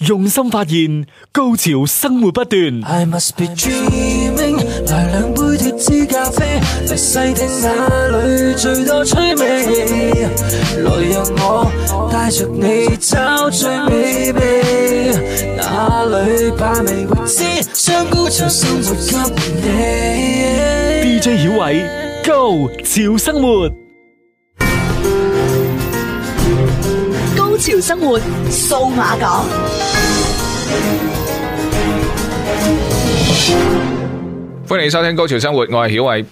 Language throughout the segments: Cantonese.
用心發現高潮生活不斷。I must be dreaming，來兩杯脫脂咖啡，來細聽那裏最多趣味。來讓我帶着你找最美味，哪裏把味未知，將高潮生活給你。DJ 曉偉，Go 潮生活。潮生活數碼港，歡迎收聽《高潮生活》，我係曉偉，在在我係曉慧。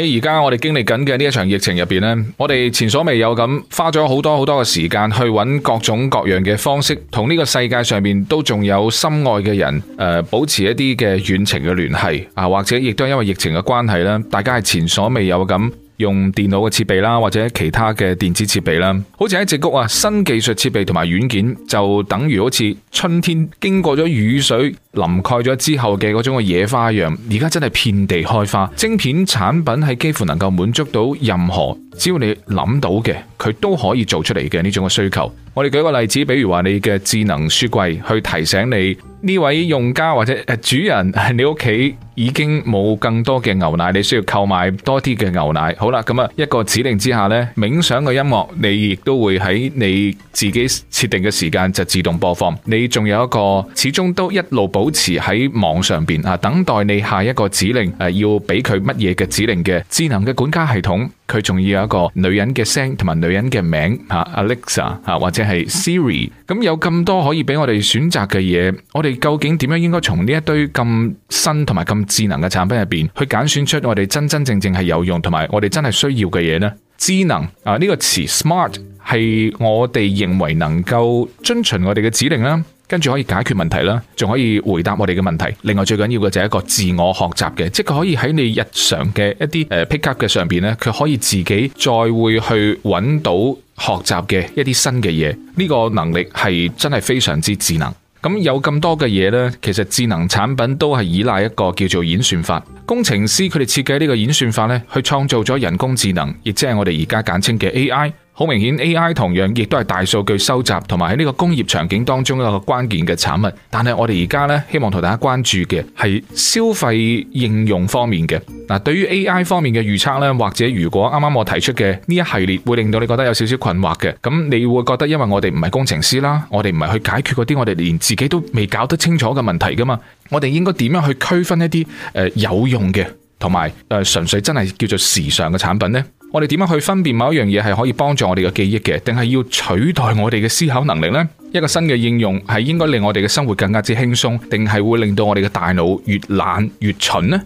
喺而家我哋經歷緊嘅呢一場疫情入邊呢，我哋前所未有咁花咗好多好多嘅時間去揾各種各樣嘅方式，同呢個世界上面都仲有心愛嘅人誒、呃，保持一啲嘅遠程嘅聯繫啊，或者亦都因為疫情嘅關係呢，大家係前所未有咁。用電腦嘅設備啦，或者其他嘅電子設備啦，好似喺直谷啊，新技術設備同埋軟件就等於好似春天經過咗雨水淋蓋咗之後嘅嗰種嘅野花一樣，而家真係遍地開花，晶片產品係幾乎能夠滿足到任何只要你諗到嘅，佢都可以做出嚟嘅呢種嘅需求。我哋舉個例子，比如話你嘅智能書櫃去提醒你呢位用家或者誒主人，你屋企已經冇更多嘅牛奶，你需要購買多啲嘅牛奶。好啦，咁啊一個指令之下呢，冥想嘅音樂你亦都會喺你自己設定嘅時間就自動播放。你仲有一個始終都一路保持喺網上邊啊，等待你下一個指令誒，要俾佢乜嘢嘅指令嘅智能嘅管家系統。佢仲要有一個女人嘅聲同埋女人嘅名吓，Alexa 吓或者係 Siri，咁有咁多可以俾我哋選擇嘅嘢，我哋究竟點樣應該從呢一堆咁新同埋咁智能嘅產品入邊去揀選出我哋真真正正係有用同埋我哋真係需要嘅嘢呢？智能啊呢個詞 smart 係我哋認為能夠遵循我哋嘅指令啦。跟住可以解決問題啦，仲可以回答我哋嘅問題。另外最緊要嘅就係一個自我學習嘅，即係佢可以喺你日常嘅一啲 pick up 嘅上邊咧，佢可以自己再會去揾到學習嘅一啲新嘅嘢。呢個能力係真係非常之智能。咁有咁多嘅嘢咧，其實智能產品都係依賴一個叫做演算法。工程師佢哋設計呢個演算法咧，去創造咗人工智能，亦即係我哋而家簡稱嘅 AI。好明顯，AI 同樣亦都係大數據收集同埋喺呢個工業場景當中一個關鍵嘅產物。但係我哋而家呢，希望同大家關注嘅係消費應用方面嘅。嗱，對於 AI 方面嘅預測呢，或者如果啱啱我提出嘅呢一系列，會令到你覺得有少少困惑嘅。咁你會覺得，因為我哋唔係工程師啦，我哋唔係去解決嗰啲我哋連自己都未搞得清楚嘅問題噶嘛。我哋應該點樣去區分一啲誒、呃、有用嘅，同埋誒純粹真係叫做時尚嘅產品呢？我哋點樣去分辨某一樣嘢係可以幫助我哋嘅記憶嘅，定係要取代我哋嘅思考能力呢？一個新嘅應用係應該令我哋嘅生活更加之輕鬆，定係會令到我哋嘅大腦越懶越蠢呢？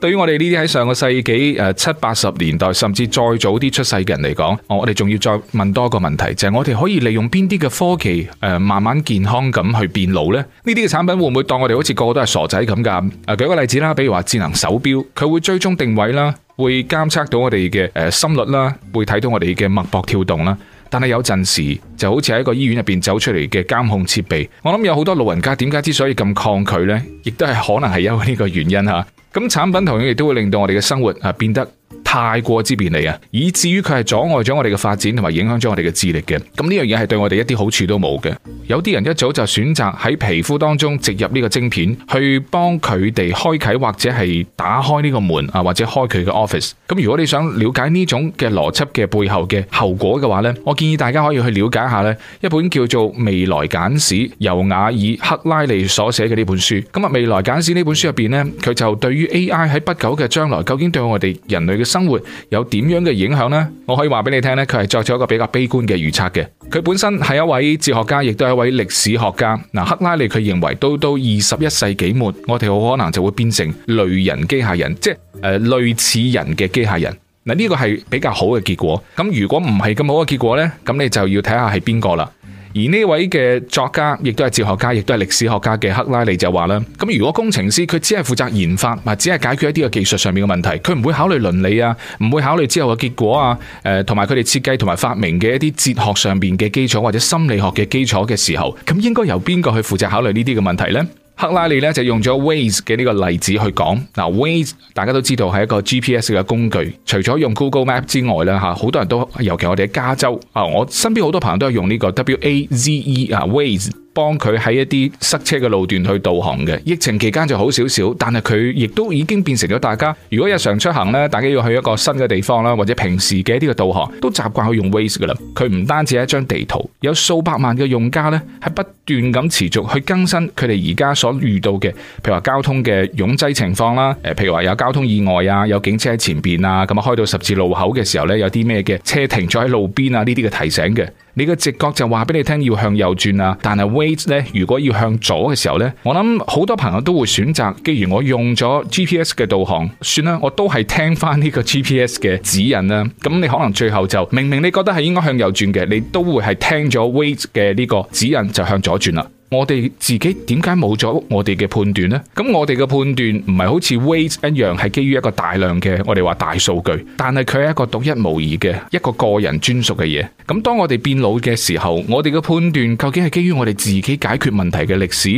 對於我哋呢啲喺上個世紀誒、呃、七八十年代甚至再早啲出世嘅人嚟講，我哋仲要再問多一個問題，就係、是、我哋可以利用邊啲嘅科技誒、呃，慢慢健康咁去變老呢？呢啲嘅產品會唔會當我哋好似個個都係傻仔咁㗎？誒，舉個例子啦，比如話智能手錶，佢會追蹤定位啦。會監測到我哋嘅，誒，心率啦，會睇到我哋嘅脈搏跳動啦。但係有陣時就好似喺一個醫院入邊走出嚟嘅監控設備。我諗有好多老人家點解之所以咁抗拒呢？亦都係可能係有呢個原因吓。咁產品同樣亦都會令到我哋嘅生活啊，變得。太過之便利啊，以至於佢係阻礙咗我哋嘅發展，同埋影響咗我哋嘅智力嘅。咁呢樣嘢係對我哋一啲好處都冇嘅。有啲人一早就選擇喺皮膚當中植入呢個晶片，去幫佢哋開啟或者係打開呢個門啊，或者開佢嘅 office。咁如果你想了解呢種嘅邏輯嘅背後嘅後果嘅話呢，我建議大家可以去了解一下呢一本叫做《未來簡史》由雅爾克拉尼所寫嘅呢本書。咁啊，《未來簡史》呢本書入邊呢，佢就對於 AI 喺不久嘅將來究竟對我哋人類嘅生生活有點樣嘅影響呢？我可以話俾你聽呢，佢係作咗一個比較悲觀嘅預測嘅。佢本身係一位哲學家，亦都係一位歷史學家。嗱，克拉利佢認為到到二十一世紀末，我哋好可能就會變成類人機械人，即係、呃、類似人嘅機械人。嗱，呢個係比較好嘅結果。咁如果唔係咁好嘅結果呢？咁你就要睇下係邊個啦。而呢位嘅作家，亦都係哲學家，亦都係歷史學家嘅克拉利就話啦，咁如果工程師佢只係負責研發，或係只係解決一啲嘅技術上面嘅問題，佢唔會考慮倫理啊，唔會考慮之後嘅結果啊，誒，同埋佢哋設計同埋發明嘅一啲哲學上面嘅基礎或者心理學嘅基礎嘅時候，咁應該由邊個去負責考慮呢啲嘅問題咧？克拉利咧就用咗 Waze 嘅呢個例子去講，嗱 Waze，大家都知道係一個 GPS 嘅工具，除咗用 Google Map 之外咧吓，好多人都，尤其我哋喺加州啊，我身邊好多朋友都係用呢個 W A Z E 啊 Waze。幫佢喺一啲塞車嘅路段去導航嘅，疫情期間就好少少，但係佢亦都已經變成咗大家，如果日常出行呢，大家要去一個新嘅地方啦，或者平時嘅呢個導航都習慣去用 Waze 噶啦。佢唔單止係一張地圖，有數百萬嘅用家呢係不斷咁持續去更新佢哋而家所遇到嘅，譬如話交通嘅擁擠情況啦，誒，譬如話有交通意外啊，有警車喺前邊啊，咁啊開到十字路口嘅時候呢，有啲咩嘅車停咗喺路邊啊，呢啲嘅提醒嘅。你嘅直覺就話俾你聽要向右轉啊，但係 wait 咧，如果要向左嘅時候呢，我諗好多朋友都會選擇。既然我用咗 GPS 嘅導航，算啦，我都係聽翻呢個 GPS 嘅指引啦。咁你可能最後就明明你覺得係應該向右轉嘅，你都會係聽咗 wait 嘅呢個指引就向左轉啦。我哋自己點解冇咗我哋嘅判斷呢？咁我哋嘅判斷唔係好似 wait 一樣，係基於一個大量嘅我哋話大數據，但係佢係一個獨一無二嘅一個個人專屬嘅嘢。咁當我哋變老嘅時候，我哋嘅判斷究竟係基於我哋自己解決問題嘅歷史，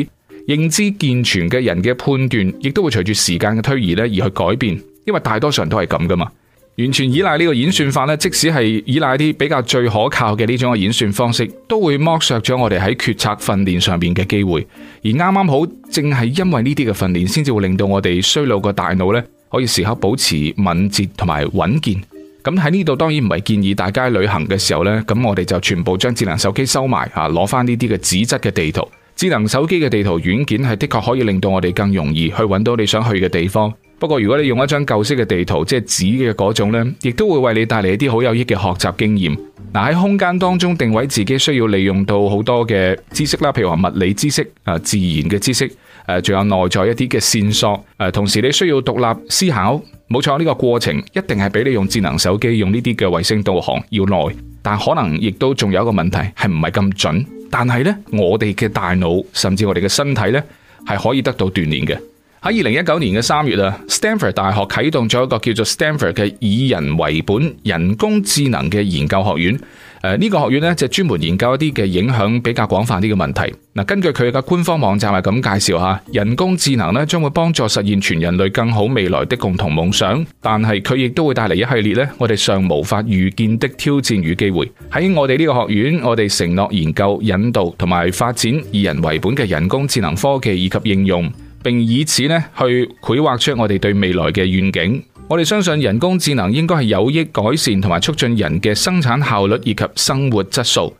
認知健全嘅人嘅判斷，亦都會隨住時間嘅推移咧而去改變，因為大多數人都係咁噶嘛。完全依賴呢個演算法咧，即使係依賴啲比較最可靠嘅呢種嘅演算方式，都會剝削咗我哋喺決策訓練上面嘅機會。而啱啱好正係因為呢啲嘅訓練，先至會令到我哋衰老個大腦呢，可以時刻保持敏捷同埋穩健。咁喺呢度當然唔係建議大家旅行嘅時候呢，咁我哋就全部將智能手機收埋啊，攞翻呢啲嘅紙質嘅地圖。智能手機嘅地圖軟件係的確可以令到我哋更容易去揾到你想去嘅地方。不過如果你用一張舊式嘅地圖，即係紙嘅嗰種呢，亦都會為你帶嚟一啲好有益嘅學習經驗。嗱，喺空間當中定位自己，需要利用到好多嘅知識啦，譬如話物理知識，啊自然嘅知識，誒仲有內在一啲嘅線索。誒，同時你需要獨立思考。冇錯，呢個過程一定係比你用智能手機用呢啲嘅衛星導航要耐，但可能亦都仲有一個問題係唔係咁準。但係呢，我哋嘅大腦甚至我哋嘅身體呢，係可以得到鍛煉嘅。喺二零一九年嘅三月啊，Stanford 大學啟動咗一個叫做 Stanford 嘅以人為本人工智能嘅研究學院。誒、呃，呢個學院呢，就專門研究一啲嘅影響比較廣泛啲嘅問題。嗱，根據佢嘅官方網站係咁介紹吓，人工智能咧將會幫助實現全人類更好未來的共同夢想，但係佢亦都會帶嚟一系列咧我哋尚無法預見的挑戰與機會。喺我哋呢個學院，我哋承諾研究、引導同埋發展以人為本嘅人工智能科技以及應用。並以此咧去繪畫出我哋對未來嘅願景。我哋相信人工智能應該係有益改善同埋促進人嘅生產效率以及生活質素。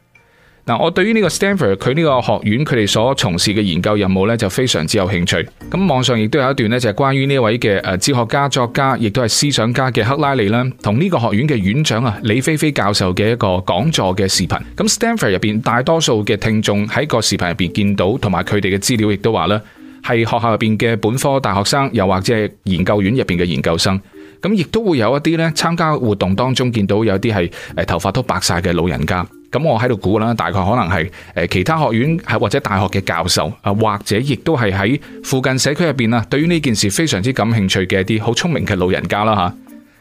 嗱，我對於呢個 Stanford 佢呢個學院佢哋所從事嘅研究任務呢，就非常之有興趣。咁網上亦都有一段呢，就係關於呢位嘅誒哲學家、作家，亦都係思想家嘅克拉利啦，同呢個學院嘅院長啊李飛飛教授嘅一個講座嘅視頻。咁 Stanford 入邊大多數嘅聽眾喺個視頻入邊見到同埋佢哋嘅資料，亦都話啦。係學校入邊嘅本科大學生，又或者係研究院入邊嘅研究生，咁亦都會有一啲咧參加活動當中見到有啲係誒頭髮都白晒嘅老人家，咁我喺度估啦，大概可能係誒其他學院係或者大學嘅教授啊，或者亦都係喺附近社區入邊啊，對於呢件事非常之感興趣嘅一啲好聰明嘅老人家啦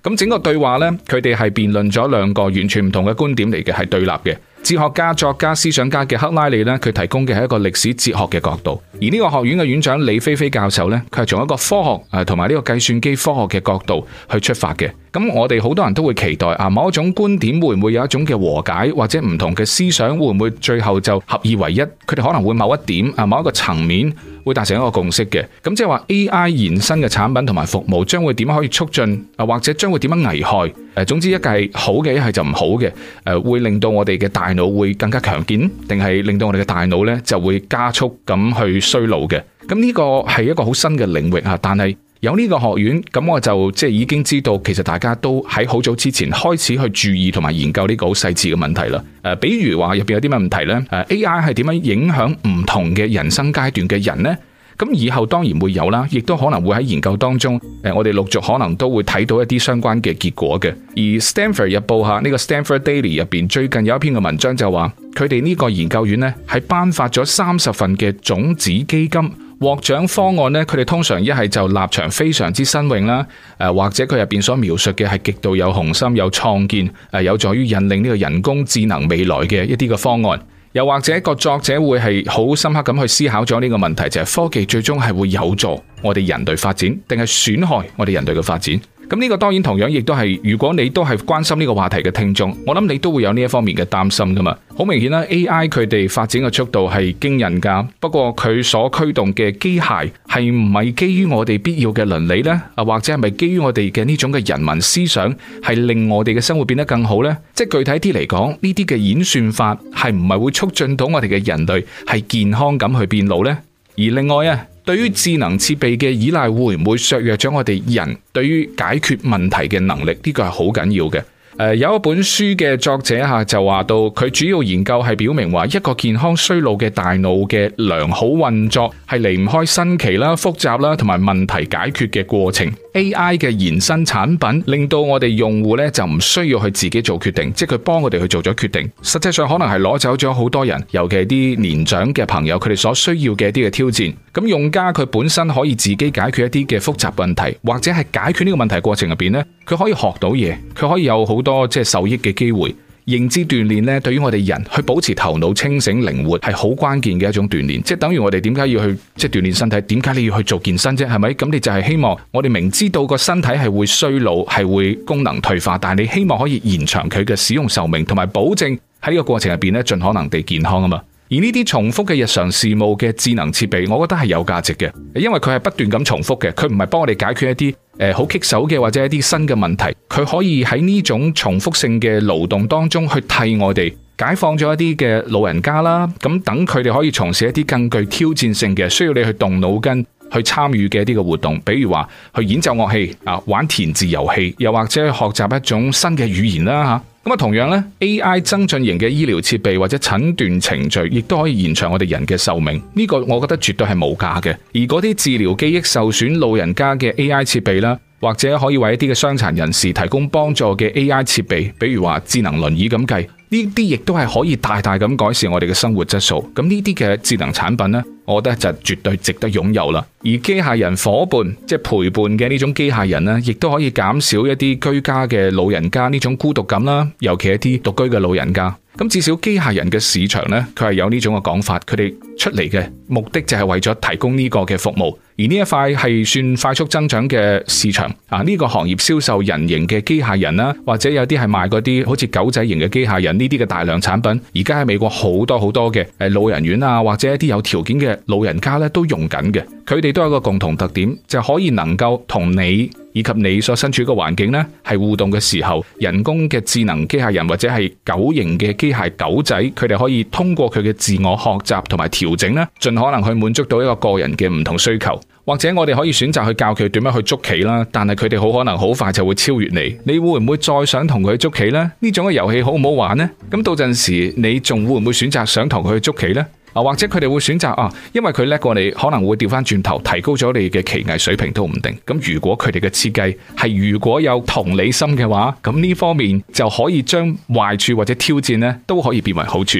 吓，咁整個對話呢，佢哋係辯論咗兩個完全唔同嘅觀點嚟嘅，係對立嘅。哲學家、作家、思想家嘅克拉里咧，佢提供嘅係一個歷史哲學嘅角度；而呢個學院嘅院長李飛飛教授咧，佢係從一個科學誒同埋呢個計算機科學嘅角度去出發嘅。咁我哋好多人都會期待啊，某一種觀點會唔會有一種嘅和解，或者唔同嘅思想會唔會最後就合二為一？佢哋可能會某一點啊，某一個層面。會達成一個共識嘅，咁即係話 AI 延伸嘅產品同埋服務，將會點樣可以促進啊？或者將會點樣危害？誒，總之一係好嘅，一係就唔好嘅，誒，會令到我哋嘅大腦會更加強健，定係令到我哋嘅大腦呢就會加速咁去衰老嘅。咁呢個係一個好新嘅領域啊，但係。有呢個學院，咁我就即係已經知道，其實大家都喺好早之前開始去注意同埋研究呢個好細緻嘅問題啦。誒，比如話入邊有啲乜問題呢？誒，A I 係點樣影響唔同嘅人生階段嘅人呢？咁以後當然會有啦，亦都可能會喺研究當中，誒，我哋陸續可能都會睇到一啲相關嘅結果嘅。而 Stanford 日報吓呢個 Stanford Daily 入邊最近有一篇嘅文章就話，佢哋呢個研究院呢，係頒發咗三十份嘅種子基金。獲獎方案咧，佢哋通常一係就立場非常之新穎啦，誒，或者佢入邊所描述嘅係極度有雄心、有創建，誒，有助於引領呢個人工智能未來嘅一啲個方案，又或者個作者會係好深刻咁去思考咗呢個問題，就係科技最終係會有助我哋人類發展，定係損害我哋人類嘅發展？咁呢個當然同樣亦都係，如果你都係關心呢個話題嘅聽眾，我諗你都會有呢一方面嘅擔心噶嘛。好明顯啦，AI 佢哋發展嘅速度係驚人噶，不過佢所驅動嘅機械係唔係基於我哋必要嘅倫理呢？啊或者係咪基於我哋嘅呢種嘅人民思想係令我哋嘅生活變得更好呢？即係具體啲嚟講，呢啲嘅演算法係唔係會促進到我哋嘅人類係健康咁去變老呢？而另外啊。對於智能設備嘅依賴會唔會削弱咗我哋人對於解決問題嘅能力？呢個係好緊要嘅。誒、呃，有一本書嘅作者吓就話到，佢主要研究係表明話，一個健康衰老嘅大腦嘅良好運作係離唔開新奇啦、複雜啦，同埋問題解決嘅過程。A.I. 嘅延伸產品令到我哋用戶咧就唔需要去自己做決定，即係佢幫我哋去做咗決定。實際上可能係攞走咗好多人，尤其係啲年長嘅朋友，佢哋所需要嘅一啲嘅挑戰。咁用家佢本身可以自己解決一啲嘅複雜問題，或者係解決呢個問題過程入邊咧，佢可以學到嘢，佢可以有好多即係受益嘅機會，認知鍛煉咧，對於我哋人去保持頭腦清醒靈活係好關鍵嘅一種鍛煉，即係等於我哋點解要去即係鍛煉身體，點解你要去做健身啫？係咪？咁你就係希望我哋明知道個身體係會衰老，係會功能退化，但係你希望可以延長佢嘅使用壽命，同埋保證喺呢個過程入邊咧，盡可能地健康啊嘛。而呢啲重複嘅日常事務嘅智能設備，我覺得係有價值嘅，因為佢係不斷咁重複嘅，佢唔係幫我哋解決一啲誒好棘手嘅或者一啲新嘅問題。佢可以喺呢種重複性嘅勞動當中去替我哋解放咗一啲嘅老人家啦，咁等佢哋可以從事一啲更具挑戰性嘅需要你去動腦筋去參與嘅一啲嘅活動，比如話去演奏樂器啊、玩填字遊戲，又或者學習一種新嘅語言啦嚇。咁啊，同樣呢，AI 增進型嘅醫療設備或者診斷程序，亦都可以延長我哋人嘅壽命。呢、這個我覺得絕對係無價嘅。而嗰啲治療記憶受損老人家嘅 AI 設備啦，或者可以為一啲嘅傷殘人士提供幫助嘅 AI 設備，比如話智能輪椅咁計，呢啲亦都係可以大大咁改善我哋嘅生活質素。咁呢啲嘅智能產品呢，我覺得就絕對值得擁有啦。而機械人伙伴，即係陪伴嘅呢種機械人呢，亦都可以減少一啲居家嘅老人家呢種孤獨感啦。尤其一啲獨居嘅老人家，咁至少機械人嘅市場呢，佢係有呢種嘅講法，佢哋出嚟嘅目的就係為咗提供呢個嘅服務。而呢一塊係算快速增長嘅市場啊！呢個行業銷售人形嘅機械人啦，或者有啲係賣嗰啲好似狗仔型嘅機械人呢啲嘅大量產品，而家喺美國好多好多嘅誒，老人院啊，或者一啲有條件嘅老人家咧都用緊嘅。佢哋都有個共同特點，就可以能夠同你以及你所身處嘅環境咧係互動嘅時候，人工嘅智能機械人或者係狗型嘅機械狗仔，佢哋可以通過佢嘅自我學習同埋調整咧，盡可能去滿足到一個個人嘅唔同需求。或者我哋可以選擇去教佢點樣去捉棋啦，但係佢哋好可能好快就會超越你，你會唔會再想同佢捉棋呢？呢種嘅遊戲好唔好玩呢？咁到陣時你仲會唔會選擇想同佢去捉棋呢？啊，或者佢哋會選擇啊，因為佢叻過你，可能會掉翻轉頭提高咗你嘅棋藝水平都唔定。咁如果佢哋嘅設計係如果有同理心嘅話，咁呢方面就可以將壞處或者挑戰呢都可以變為好處。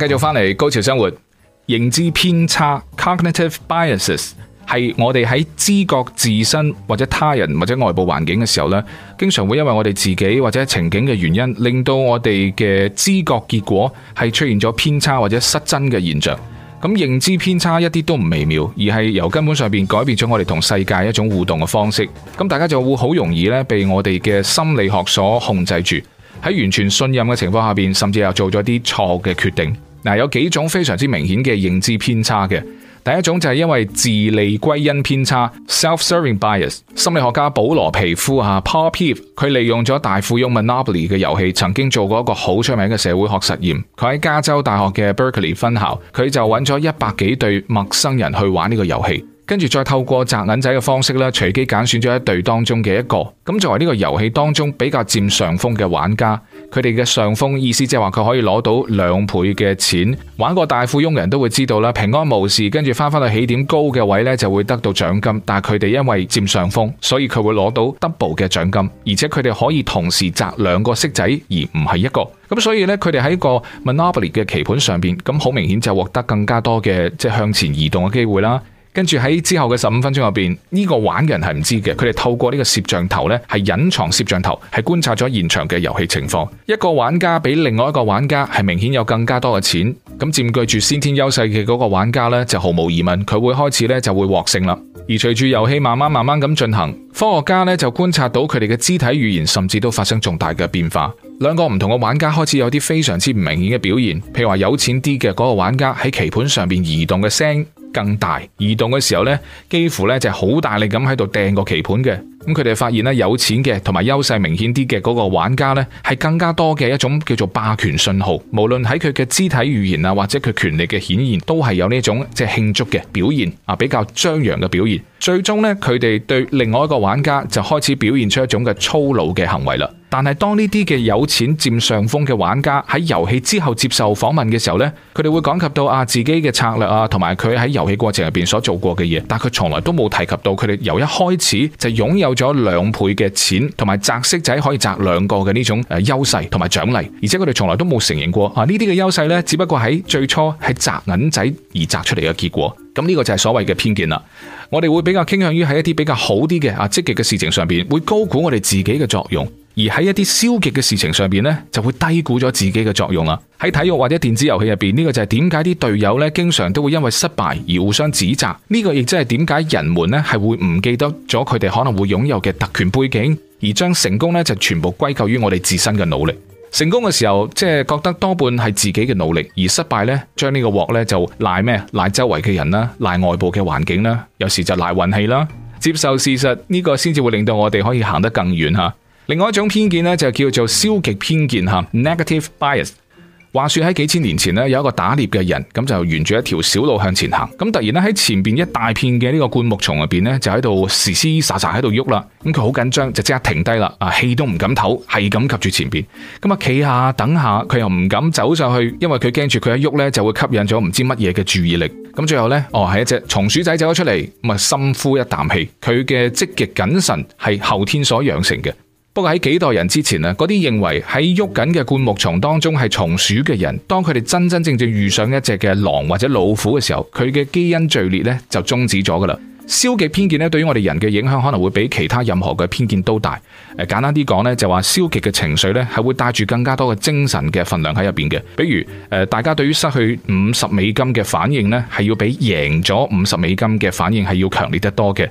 繼續翻嚟高潮生活，認知偏差 （cognitive biases） 係我哋喺知覺自身或者他人或者外部環境嘅時候呢，經常會因為我哋自己或者情景嘅原因，令到我哋嘅知覺結果係出現咗偏差或者失真嘅現象。咁認知偏差一啲都唔微妙，而係由根本上邊改變咗我哋同世界一種互動嘅方式。咁大家就會好容易呢，被我哋嘅心理學所控制住，喺完全信任嘅情況下邊，甚至又做咗啲錯嘅決定。嗱，有幾種非常之明顯嘅認知偏差嘅，第一種就係因為自利歸因偏差 （self-serving bias）。心理學家保羅皮夫啊 （Paul Piff），佢利用咗大富翁 （Monopoly） 嘅遊戲，曾經做過一個好出名嘅社會學實驗。佢喺加州大學嘅 Berkeley 分校，佢就揾咗一百幾對陌生人去玩呢個遊戲。跟住再透過擲銀仔嘅方式咧，隨機揀選咗一隊當中嘅一個。咁作為呢個遊戲當中比較佔上風嘅玩家，佢哋嘅上風意思即係話佢可以攞到兩倍嘅錢。玩過大富翁嘅人都會知道啦，平安無事，跟住翻翻去起點高嘅位呢，就會得到獎金。但係佢哋因為佔上風，所以佢會攞到 double 嘅獎金，而且佢哋可以同時擲兩個骰仔，而唔係一個。咁所以呢，佢哋喺個 Monopoly 嘅棋盤上邊，咁好明顯就獲得更加多嘅，即係向前移動嘅機會啦。跟住喺之後嘅十五分鐘入邊，呢個玩嘅人係唔知嘅，佢哋透過呢個攝像頭咧，係隱藏攝像頭，係觀察咗現場嘅遊戲情況。一個玩家比另外一個玩家係明顯有更加多嘅錢，咁佔據住先天優勢嘅嗰個玩家咧，就毫無疑問佢會開始咧就會獲勝啦。而隨住遊戲慢慢慢慢咁進行，科學家咧就觀察到佢哋嘅肢體語言甚至都發生重大嘅變化。兩個唔同嘅玩家開始有啲非常之唔明顯嘅表現，譬如話有錢啲嘅嗰個玩家喺棋盤上邊移動嘅聲。更大移動嘅時候咧，幾乎咧就好大力咁喺度掟個棋盤嘅。咁佢哋發現咧，有錢嘅同埋優勢明顯啲嘅嗰個玩家呢，係更加多嘅一種叫做霸權信號。無論喺佢嘅肢體語言啊，或者佢權力嘅顯現，都係有呢一種即係慶祝嘅表現啊，比較張揚嘅表現。最終呢，佢哋對另外一個玩家就開始表現出一種嘅粗魯嘅行為啦。但係當呢啲嘅有錢佔上風嘅玩家喺遊戲之後接受訪問嘅時候呢，佢哋會講及到啊自己嘅策略啊，同埋佢喺遊戲過程入邊所做過嘅嘢。但佢從來都冇提及到佢哋由一開始就擁有咗兩倍嘅錢，同埋擲骰仔可以擲兩個嘅呢種誒優勢同埋獎勵。而且佢哋從來都冇承認過啊呢啲嘅優勢呢，只不過喺最初係擲骰仔而擲出嚟嘅結果。咁呢個就係所謂嘅偏見啦。我哋會比較傾向於喺一啲比較好啲嘅啊積極嘅事情上邊，會高估我哋自己嘅作用；而喺一啲消極嘅事情上邊呢，就會低估咗自己嘅作用啦。喺體育或者電子遊戲入邊，呢個就係點解啲隊友呢經常都會因為失敗而互相指責。呢個亦即係點解人們呢係會唔記得咗佢哋可能會擁有嘅特權背景，而將成功呢就全部歸咎於我哋自身嘅努力。成功嘅時候，即係覺得多半係自己嘅努力；而失敗呢，將呢個鑊呢就賴咩？賴周圍嘅人啦，賴外部嘅環境啦，有時就賴運氣啦。接受事實呢個，先至會令到我哋可以行得更遠吓。另外一種偏見呢，就叫做消極偏見吓，negative bias。話說喺幾千年前咧，有一個打獵嘅人，咁就沿住一條小路向前行，咁突然咧，喺前邊一大片嘅呢個灌木叢入邊咧，就喺度嘶嘶沙沙喺度喐啦，咁佢好緊張，就即刻停低啦，啊氣都唔敢唞，係咁及住前邊，咁啊企下等下，佢又唔敢走上去，因為佢驚住佢一喐咧就會吸引咗唔知乜嘢嘅注意力，咁最後咧，哦係一隻松鼠仔走咗出嚟，咁啊深呼一啖氣，佢嘅積極謹慎係後天所養成嘅。不過喺幾代人之前啊，嗰啲認為喺喐緊嘅灌木叢當中係松鼠嘅人，當佢哋真真正正遇上一隻嘅狼或者老虎嘅時候，佢嘅基因序列咧就終止咗噶啦。消極偏見咧，對於我哋人嘅影響可能會比其他任何嘅偏見都大。誒，簡單啲講咧，就話消極嘅情緒咧係會帶住更加多嘅精神嘅分量喺入邊嘅。比如誒、呃，大家對於失去五十美金嘅反應咧，係要比贏咗五十美金嘅反應係要強烈得多嘅。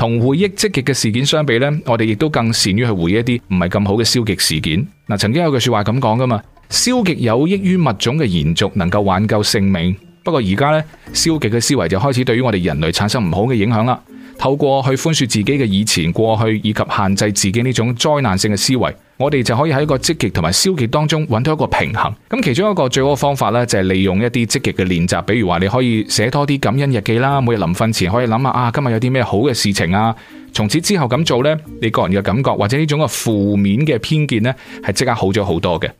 同回憶積極嘅事件相比，呢我哋亦都更善於去回憶一啲唔係咁好嘅消極事件。曾經有句説話咁講㗎嘛，消極有益於物種嘅延續，能夠挽救性命。不過而家呢，消極嘅思維就開始對於我哋人類產生唔好嘅影響啦。透過去寬恕自己嘅以前過去以及限制自己呢種災難性嘅思維，我哋就可以喺一個積極同埋消極當中揾到一個平衡。咁其中一個最好嘅方法呢，就係利用一啲積極嘅練習，比如話你可以寫多啲感恩日記啦。每日臨瞓前可以諗下啊，今日有啲咩好嘅事情啊。從此之後咁做呢，你個人嘅感覺或者呢種嘅負面嘅偏見呢，係即刻好咗好多嘅。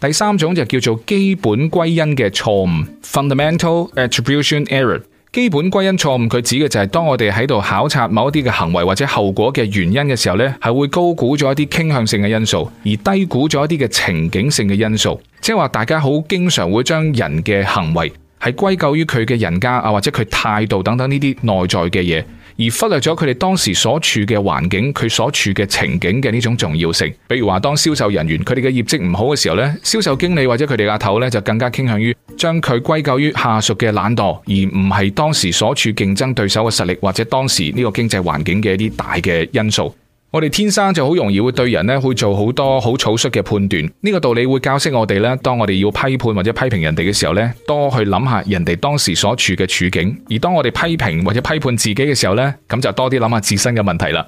第三種就叫做基本歸因嘅錯誤 （Fundamental Attribution Error）。基本歸因錯誤，佢指嘅就係當我哋喺度考察某一啲嘅行為或者後果嘅原因嘅時候呢，係會高估咗一啲傾向性嘅因素，而低估咗一啲嘅情景性嘅因素。即係話大家好經常會將人嘅行為係歸咎於佢嘅人家啊，或者佢態度等等呢啲內在嘅嘢。而忽略咗佢哋當時所處嘅環境，佢所處嘅情景嘅呢種重要性。比如話，當銷售人員佢哋嘅業績唔好嘅時候呢，銷售經理或者佢哋阿頭呢，就更加傾向於將佢歸咎於下屬嘅懶惰，而唔係當時所處競爭對手嘅實力，或者當時呢個經濟環境嘅一啲大嘅因素。我哋天生就好容易會對人咧，會做好多好草率嘅判斷。呢個道理會教識我哋咧，當我哋要批判或者批評人哋嘅時候咧，多去諗下人哋當時所處嘅處境。而當我哋批評或者批判自己嘅時候咧，咁就多啲諗下自身嘅問題啦。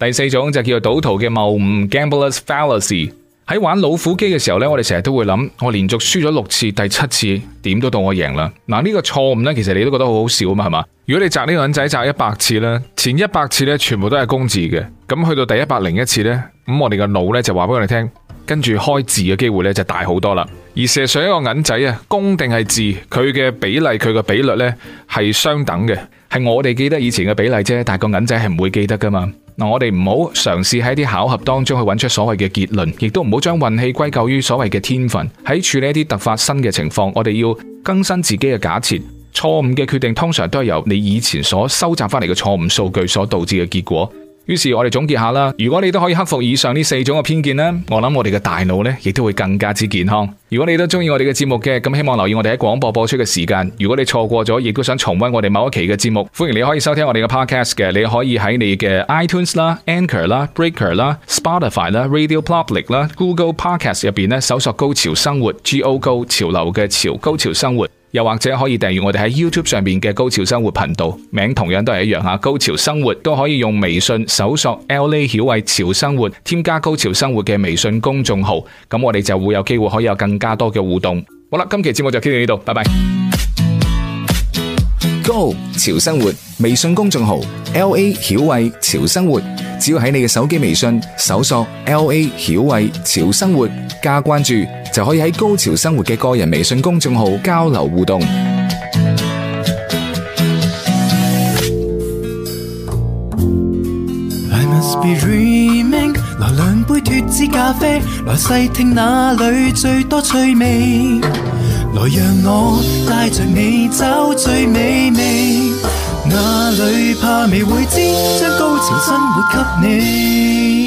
第四種就叫做賭徒嘅謬誤 （Gambler's Fallacy）。喺玩老虎機嘅時候呢，我哋成日都會諗，我連續輸咗六次，第七次點都到我贏啦！嗱，呢個錯誤呢，其實你都覺得好好笑啊嘛，係嘛？如果你摘呢個銀仔摘一百次呢，前一百次呢，全部都係公字嘅，咁去到第一百零一次呢，咁我哋個腦呢，就話俾我哋聽，跟住開字嘅機會呢，就大好多啦。而事實上，一個銀仔啊，公定係字，佢嘅比例、佢嘅比率呢，係相等嘅。係我哋記得以前嘅比例啫，但係個銀仔係唔會記得噶嘛。嗱，我哋唔好嘗試喺啲巧合當中去揾出所謂嘅結論，亦都唔好將運氣歸咎於所謂嘅天分。喺處理一啲突發新嘅情況，我哋要更新自己嘅假設。錯誤嘅決定通常都係由你以前所收集翻嚟嘅錯誤數據所導致嘅結果。於是，我哋總結下啦。如果你都可以克服以上呢四種嘅偏見咧，我諗我哋嘅大腦呢亦都會更加之健康。如果你都中意我哋嘅節目嘅，咁希望留意我哋喺廣播播出嘅時間。如果你錯過咗，亦都想重溫我哋某一期嘅節目，歡迎你可以收聽我哋嘅 podcast 嘅。你可以喺你嘅 iTunes 啦、Anchor 啦、Breaker 啦、Spotify 啦、Radio Public 啦、Google Podcast 入邊呢搜索高潮生活 G O Go 潮流嘅潮高潮生活。又或者可以訂閱我哋喺 YouTube 上面嘅高潮生活頻道，名同樣都係一樣吓。高潮生活都可以用微信搜索 LA 曉慧潮生活，添加高潮生活嘅微信公眾號，咁我哋就會有機會可以有更加多嘅互動。好啦，今期節目就傾到呢度，拜拜。Go 潮生活微信公眾號 LA 曉慧潮生活。只要喺你嘅手機微信搜索 LA 曉慧潮生活加關注，就可以喺高潮生活嘅個人微信公眾號交流互動。來兩杯脫脂咖啡，來細聽哪裏最多趣味，來讓我帶着你找最美味。哪裏、啊、怕未會知，將高潮生活給你。